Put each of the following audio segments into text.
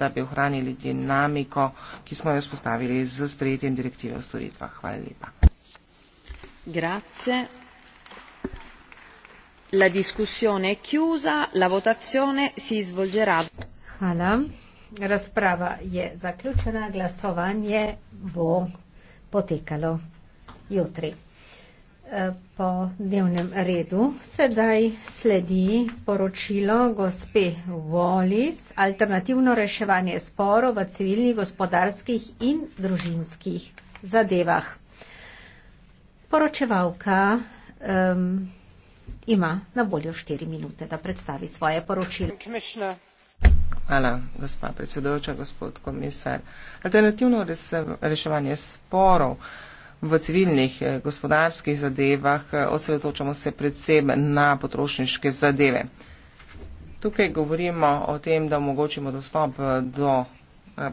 da bi ohranili dinamiko, ki smo jo spostavili z sprejetjem direktive o storitvah. Hvala lepa. Grazie. La discussione è chiusa, la votazione si svolgerà. Hvala. Razprava je zaključena, glasovanje bo potekalo jutri po dnevnem redu. Sedaj sledi poročilo gospe Wallis, alternativno reševanje sporo v civilnih, gospodarskih in družinskih zadevah. Poročevalka um, ima na voljo štiri minute, da predstavi svoje poročilo. Hvala, gospa predsedujoča, gospod komisar. Alternativno reševanje sporov v civilnih eh, gospodarskih zadevah, eh, osredotočamo se predvsem na potrošniške zadeve. Tukaj govorimo o tem, da omogočimo dostop eh, do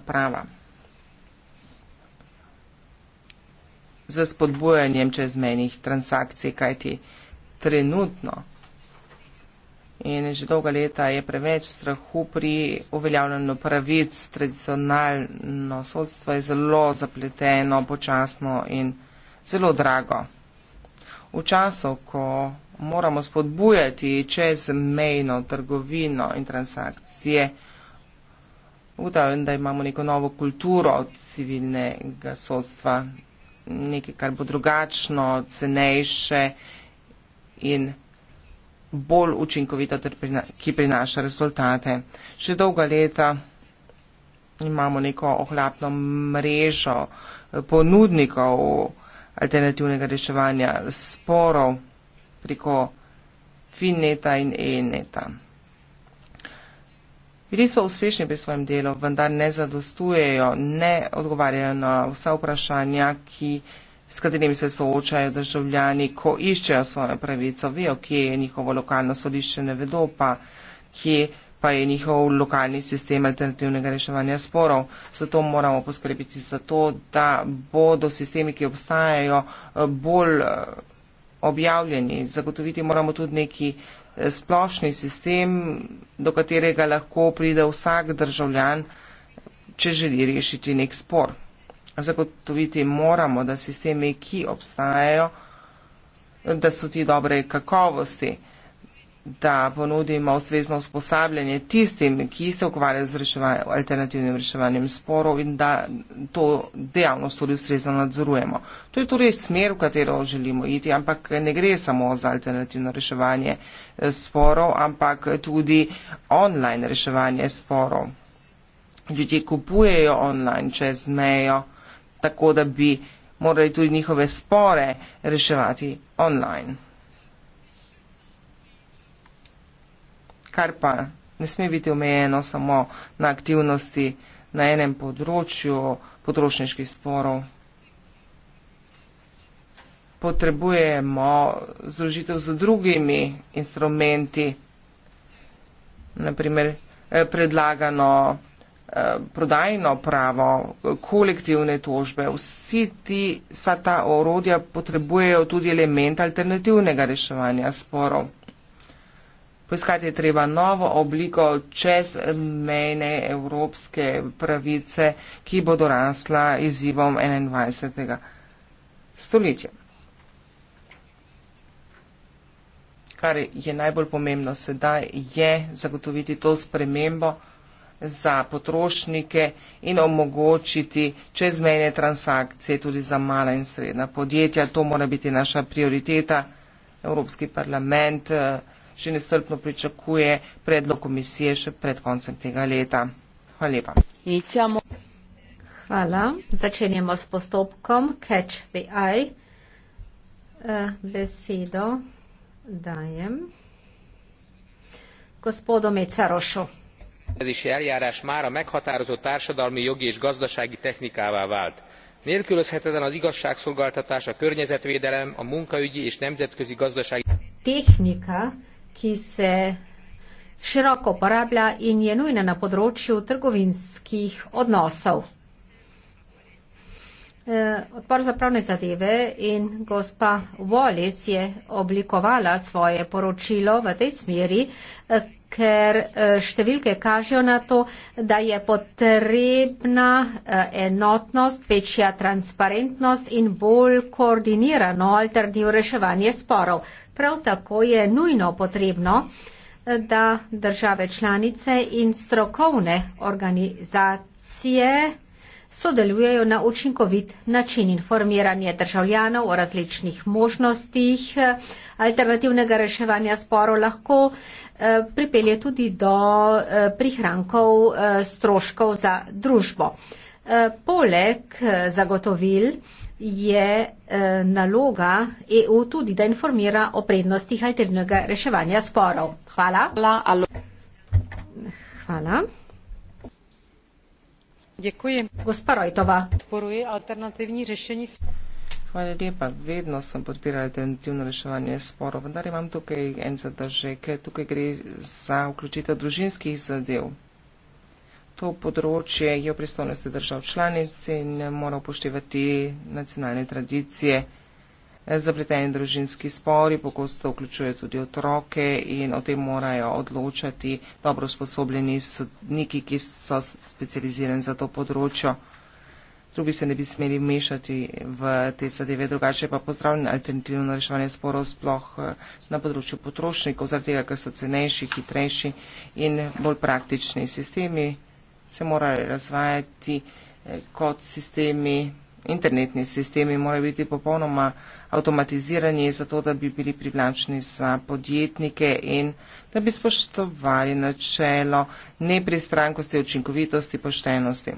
prava. Z spodbujanjem čezmenih transakcij, kajti trenutno in že dolga leta je preveč strahu pri uveljavljanju pravic, tradicionalno sodstvo je zelo zapleteno, počasno in počasno zelo drago. V času, ko moramo spodbujati čezmejno trgovino in transakcije, ugotavljam, da imamo neko novo kulturo civilnega sodstva, nekaj, kar bo drugačno, cenejše in bolj učinkovito, ki prinaša rezultate. Še dolga leta imamo neko ohlapno mrežo eh, ponudnikov, alternativnega reševanja sporov preko Finneta in Eneta. Bili so uspešni pri svojem delu, vendar ne zadostujejo, ne odgovarjajo na vsa vprašanja, ki, s katerimi se soočajo državljani, ko iščejo svojo pravico, vejo, kje je njihovo lokalno sodišče, ne vedo pa, kje je pa je njihov lokalni sistem alternativnega reševanja sporov. Zato moramo poskrbiti za to, da bodo sistemi, ki obstajajo, eh, bolj eh, objavljeni. Zagotoviti moramo tudi neki eh, splošni sistem, do katerega lahko pride vsak državljan, če želi rešiti nek spor. Zagotoviti moramo, da sistemi, ki obstajajo, da so ti dobre kakovosti da ponudimo ustrezno usposabljanje tistim, ki se ukvarjajo z reševanjem, alternativnim reševanjem sporov in da to dejavnost tudi ustrezno nadzorujemo. To je torej smer, v katero želimo iti, ampak ne gre samo za alternativno reševanje eh, sporov, ampak tudi online reševanje sporov. Ljudje kupujejo online čez mejo, tako da bi morali tudi njihove spore reševati online. kar pa ne sme biti omejeno samo na aktivnosti na enem področju potrošniških sporov. Potrebujemo združitev z drugimi instrumenti, naprimer eh, predlagano eh, prodajno pravo, kolektivne tožbe. Vsi ti, vsa ta orodja potrebujejo tudi element alternativnega reševanja sporov. Poiskati je treba novo obliko čezmejne evropske pravice, ki bo dorasla izzivom 21. stoletja. Kar je najbolj pomembno sedaj, je zagotoviti to spremembo za potrošnike in omogočiti čezmejne transakcije tudi za mala in srednja podjetja. To mora biti naša prioriteta. Evropski parlament eh, že nestrpno pričakuje predlog komisije še pred koncem tega leta. Hvala lepa. Inicijamo. Hvala. Začenjamo s postopkom Catch the Eye. Eh, besedo dajem gospodu Mecarošu. Kérdési eljárás már a meghatározó társadalmi, jogi és gazdasági technikává vált. Nélkülözhetetlen az igazságszolgáltatás, a környezetvédelem, a munkaügyi és nemzetközi gazdasági. Technika, ki se široko uporablja in je nujna na področju trgovinskih odnosov. E, Odpor za pravne zadeve in gospa Wallis je oblikovala svoje poročilo v tej smeri, e, ker e, številke kažejo na to, da je potrebna enotnost, večja transparentnost in bolj koordinirano alternativno reševanje sporov. Prav tako je nujno potrebno, da države članice in strokovne organizacije sodelujejo na učinkovit način informiranje državljanov o različnih možnostih eh, alternativnega reševanja sporo lahko eh, pripelje tudi do eh, prihrankov stroškov za družbo. Poleg zagotovil je eh, naloga EU tudi, da informira o prednostih alternativnega reševanja sporov. Hvala. Hvala. Děkuji. Gospa Rojtova. Podporuji alternativní řešení Hvala lepa. Vedno sem podpirala alternativno reševanje sporov, vendar imam tukaj en zadržek. Tukaj gre za vključitev družinskih zadev to področje je v pristojnosti držav članic in mora upoštevati nacionalne tradicije. Zapleteni družinski spori pogosto vključuje tudi otroke in o tem morajo odločati dobro usposobljeni sodniki, ki so specializirani za to področje. Drugi se ne bi smeli mešati v te zadeve, drugače pa pozdravljam alternativno reševanje sporov sploh eh, na področju potrošnikov, zaradi tega, ker so cenejši, hitrejši in bolj praktični sistemi se morali razvajati eh, kot sistemi, internetni sistemi morajo biti popolnoma avtomatizirani, zato da bi bili privlačni za podjetnike in da bi spoštovali načelo nepristrankosti, učinkovitosti, poštenosti.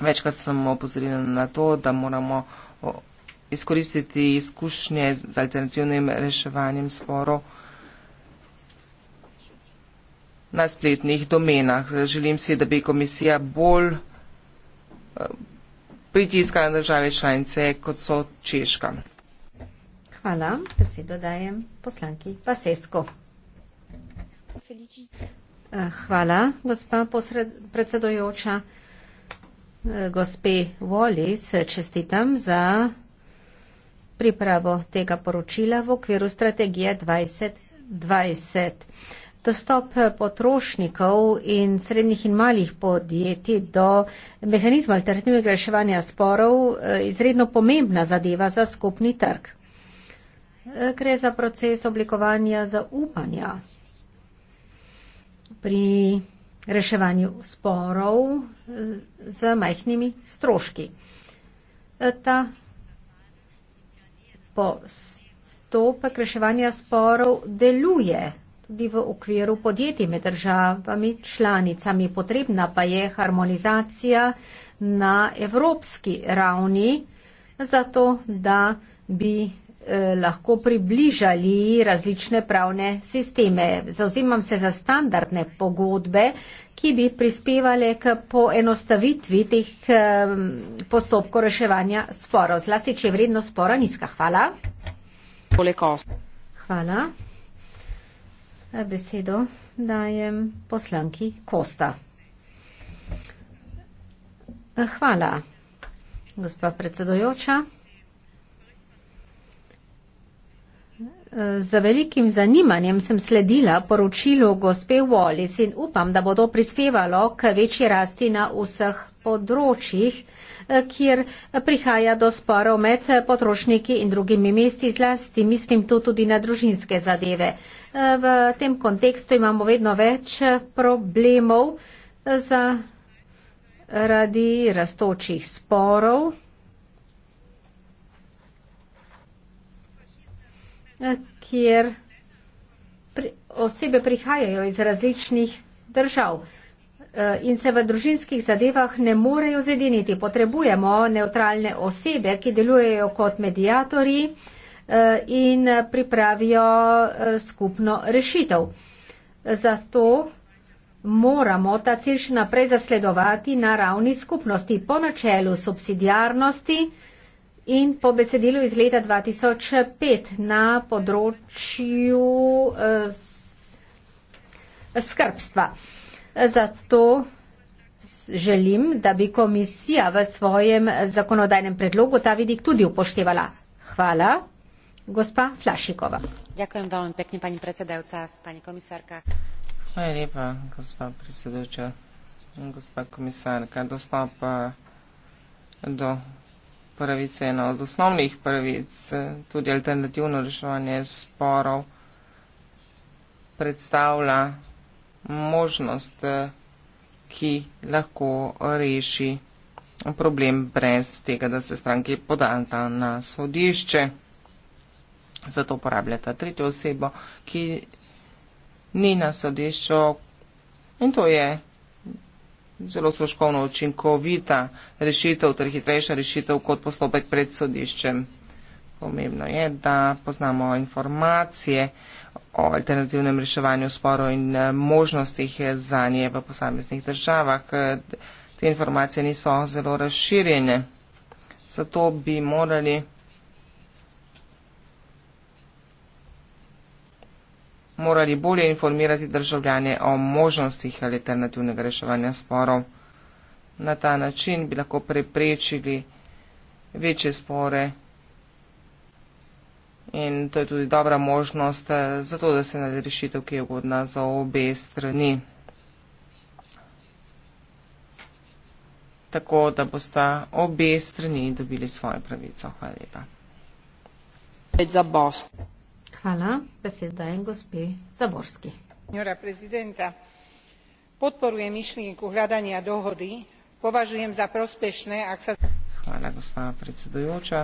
Večkrat sem opozorila na to, da moramo izkoristiti izkušnje z alternativnim reševanjem sporov na spletnih domenah. Želim si, da bi komisija bolj eh, pritiskala države članice, kot so Češka. Hvala. Besedo dajem poslanki Pasesko. Eh, hvala, gospa posred, predsedojoča. Eh, gospe Voli se čestitam za pripravo tega poročila v okviru strategije 2020 dostop eh, potrošnikov in srednjih in malih podjetij do mehanizma alternativnega reševanja sporov eh, izredno pomembna zadeva za skupni trg. Eh, gre za proces oblikovanja zaupanja pri reševanju sporov z majhnimi stroški. Ta postopek reševanja sporov deluje tudi v okviru podjetij med državami članicami. Potrebna pa je harmonizacija na evropski ravni, zato da bi eh, lahko približali različne pravne sisteme. Zauzimam se za standardne pogodbe, ki bi prispevale k poenostavitvi teh eh, postopkov reševanja sporov. Zlasti, če je vrednost spora nizka. Hvala. Hvala besedo dajem poslanki Kosta. Hvala, gospa predsedojoča. z velikim zanimanjem sem sledila poročilu gospe Wallis in upam, da bo to prispevalo k večji rasti na vseh področjih, eh, kjer prihaja do sporov med potrošniki in drugimi mesti, zlasti mislim tu tudi na družinske zadeve. Eh, v tem kontekstu imamo vedno več problemov eh, zaradi rastočih sporov. kjer pri, osebe prihajajo iz različnih držav eh, in se v družinskih zadevah ne morejo zediniti. Potrebujemo neutralne osebe, ki delujejo kot medijatori eh, in pripravijo eh, skupno rešitev. Zato moramo ta cilj še naprej zasledovati na ravni skupnosti po načelu subsidijarnosti, In po besedilu iz leta 2005 na področju eh, skrbstva. Zato želim, da bi komisija v svojem zakonodajnem predlogu ta vidik tudi upoštevala. Hvala. Gospa Flašikova. Ďakujem veľmi pekne, pani predsedajúca, pani komisárka. Hvala lepa, gospa predsedajúca, gospa komisárka. Dostal pa do pravice, ena od osnovnih pravic, eh, tudi alternativno reševanje sporov, predstavlja možnost, eh, ki lahko reši problem brez tega, da se stranki podanta na sodišče. Zato uporabljata tretjo osebo, ki ni na sodišču in to je zelo stroškovno učinkovita rešitev ter hitrejša rešitev kot postopek pred sodiščem. Pomembno je, da poznamo informacije o alternativnem reševanju sporov in eh, možnostih za nje v posameznih državah. Te informacije niso zelo razširjene, zato bi morali morali bolje informirati državljane o možnostih alternativnega reševanja sporov. Na ta način bi lahko preprečili večje spore in to je tudi dobra možnost eh, za to, da se nade rešitev, ki je ugodna za obe strani. Tako, da boste obe strani dobili svojo pravico. Hvala lepa. Hvala. Besedo dajem gospe Zaborski. prezidenta, podporujem myšlienku hľadania dohody, považujem za prospešné, ak sa... Hvala, gospa predsedujoča.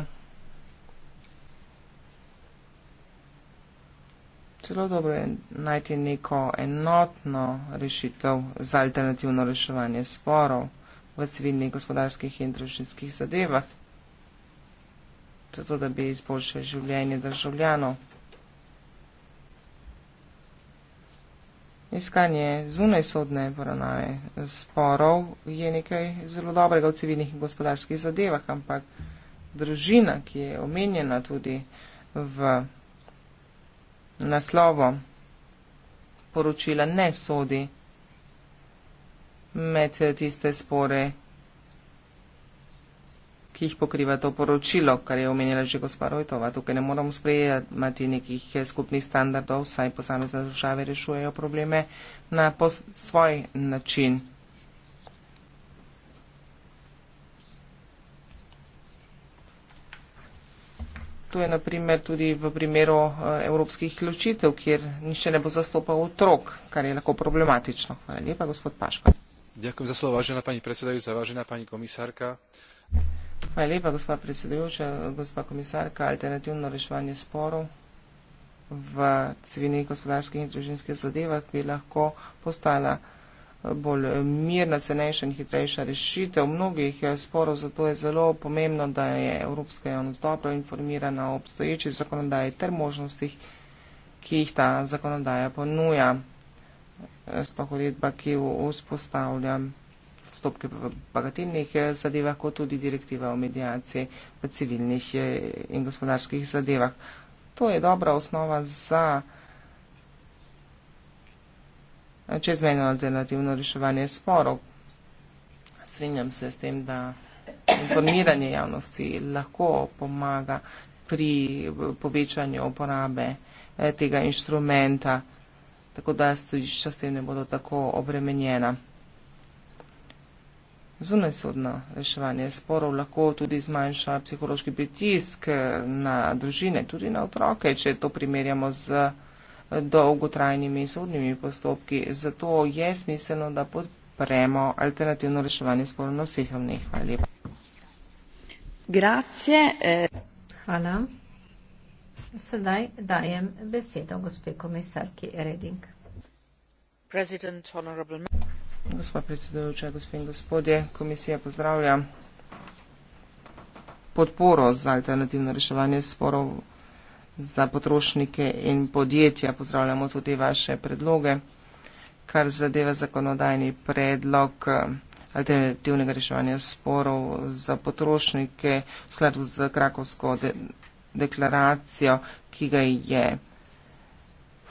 Celo dobro je najti neko enotno rešitev za alternativno reševanje sporov v civilnih, gospodarskih in družinskih zadevah, zato da bi izboljšali življenje državljanov. Iskanje zunaj sodne poravnave sporov je nekaj zelo dobrega v civilnih in gospodarskih zadevah, ampak družina, ki je omenjena tudi v naslovo poročila, ne sodi med tiste spore, ki jih pokriva to poročilo, kar je omenjala že gospa Rojtova. Tukaj ne moramo sprejemati nekih eh, skupnih standardov, saj posamezne države rešujejo probleme na pos, svoj način. To je naprimer tudi v primeru eh, evropskih ključitev, kjer nišče ne bo zastopal otrok, kar je lahko problematično. Hvala lepa, gospod Paško. Ďakujem za slovo, vážená pani predsedajúca, vážená pani komisárka. Uh, Hvala lepa, gospod predsedujoča, gospod komisarka, alternativno rešovanje sporov v civilnih, gospodarskih in družinskih zadevah bi lahko postala eh, bolj eh, mirna, cenejša in hitrejša rešitev mnogih eh, sporov, zato je zelo pomembno, da je Evropska javnost dobro informirana o obstoječi zakonodaji ter možnostih, ki jih ta zakonodaja ponuja, sploh uredba, ki jo vzpostavljam postopke v bagatelnih eh, zadevah, kot tudi direktiva o medijaciji v civilnih eh, in gospodarskih zadevah. To je dobra osnova za eh, čezmeno alternativno reševanje sporov. Strinjam se s tem, da informiranje javnosti lahko pomaga pri povečanju uporabe tega inštrumenta, tako da stojišča s tem ne bodo tako obremenjena zunajsodno reševanje sporov lahko tudi zmanjša psihološki pritisk na družine, tudi na otroke, če to primerjamo z dolgotrajnimi sodnimi postopki. Zato je smiselno, da podpremo alternativno reševanje sporov na vseh ravneh. Hvala lepa. Grazie. Eh. Hvala. Sedaj dajem besedo gospe komisarki Reding. President, honorable member. Gospa predsedujoča, gospe in gospodje, komisija pozdravlja podporo za alternativno reševanje sporov za potrošnike in podjetja. Pozdravljamo tudi vaše predloge, kar zadeva zakonodajni predlog eh, alternativnega reševanja sporov za potrošnike v skladu z Krakovsko de deklaracijo, ki ga je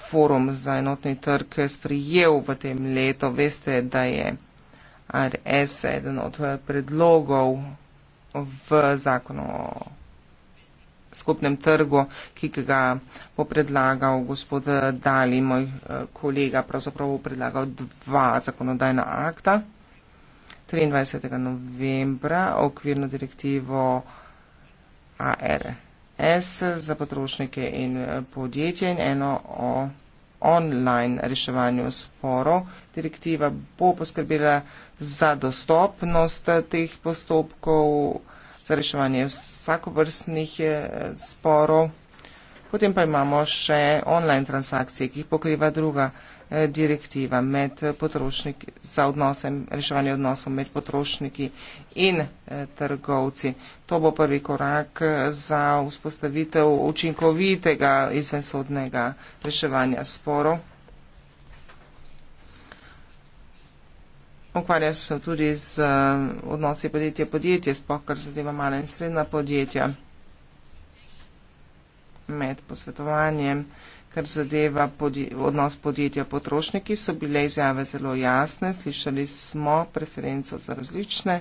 forum za enotni trg sprijel v tem letu. Veste, da je RS eden od predlogov v zakonu o skupnem trgu, ki ga bo predlagal gospod Dali, moj eh, kolega, pravzaprav bo predlagal dva zakonodajna akta. 23. novembra okvirno direktivo AR S za potrošnike in eh, podjetje in eno o online reševanju sporov. Direktiva bo poskrbela za dostopnost eh, teh postopkov, za reševanje vsakovrstnih eh, sporov. Potem pa imamo še online transakcije, ki jih pokriva druga Eh, direktiva med eh, potrošniki, za odnosem, reševanje odnosov med potrošniki in eh, trgovci. To bo prvi korak za vzpostavitev učinkovitega izvensodnega reševanja sporov. Ukvarja se tudi z odnosi podjetje-podjetje, spoh kar zadeva mala in srednja podjetja med posvetovanjem kar zadeva podje, odnos podjetja potrošniki, so bile izjave zelo jasne. Slišali smo preferenco za različne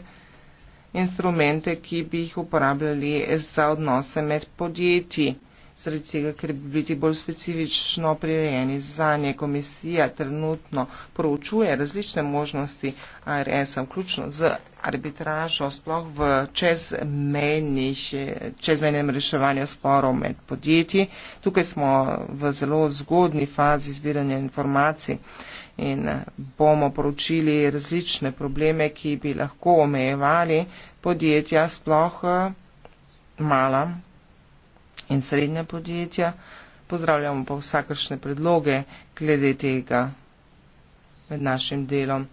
instrumente, ki bi jih uporabljali za odnose med podjetji sredi tega, ker bi bili bolj specifično prirejeni za nje. Komisija trenutno proučuje različne možnosti ARS-a, vključno z arbitražo, sploh v čezmenjem reševanju sporov med podjetji. Tukaj smo v zelo zgodni fazi zbiranja informacij in bomo poročili različne probleme, ki bi lahko omejevali podjetja, sploh eh, mala in srednja podjetja, pozdravljamo pa vsakršne predloge glede tega med našim delom.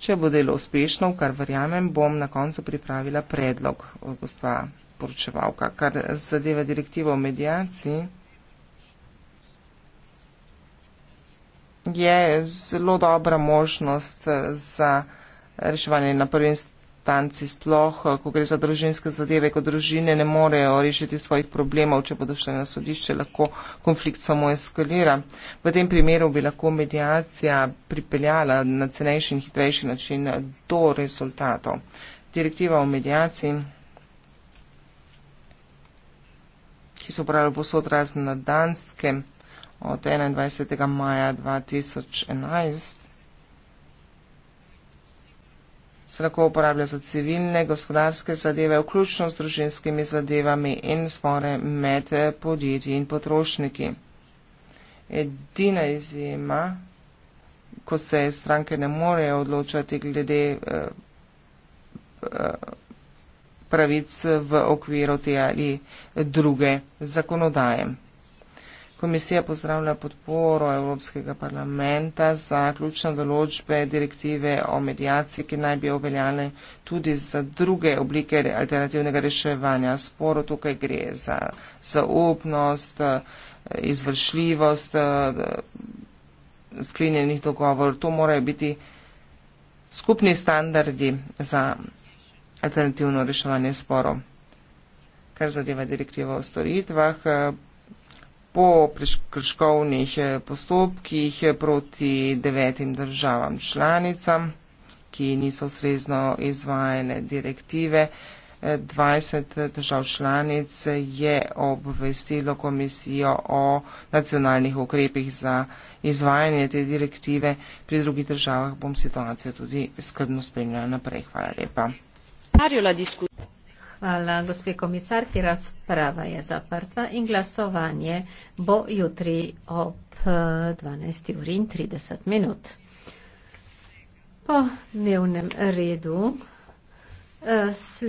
Če bo delo uspešno, kar verjamem, bom na koncu pripravila predlog, gospa poročevalka, kar zadeva direktivo o medijaciji. Je zelo dobra možnost za reševanje na prvenstvu reprezentanci sploh, eh, ko gre za družinske zadeve, ko družine ne morejo rešiti svojih problemov, če bodo šli na sodišče, lahko konflikt samo eskalira. V tem primeru bi lahko medijacija pripeljala na cenejši in hitrejši način do rezultatov. Direktiva o medijaciji, ki so upravljali posod razne na Danske od 21. maja 2011. se lahko uporablja za civilne, gospodarske zadeve, vključno s družinskimi zadevami in spore med eh, podjetji in potrošniki. Edina izjema, ko se stranke ne morejo odločati glede eh, eh, pravic v okviru te ali druge zakonodaje. Komisija pozdravlja podporo Evropskega parlamenta za ključne določbe direktive o medijaciji, ki naj bi uveljale tudi za druge oblike alternativnega reševanja sporo. Tukaj gre za zaupnost, izvršljivost sklinjenih dogovor. To morajo biti skupni standardi za alternativno reševanje sporo. Kar zadeva direktivo o storitvah, po prekrškovnih eh, postopkih eh, proti devetim državam članicam, ki niso srezno izvajene direktive. 20 eh, držav članic je obvestilo komisijo o nacionalnih ukrepih za izvajanje te direktive. Pri drugih državah bom situacijo tudi skrbno spremljala naprej. Hvala lepa. Hvala, gospe komisarki. Razprava je zaprta in glasovanje bo jutri ob 12. Eh, uri in 30 minut. Po dnevnem redu. Uh,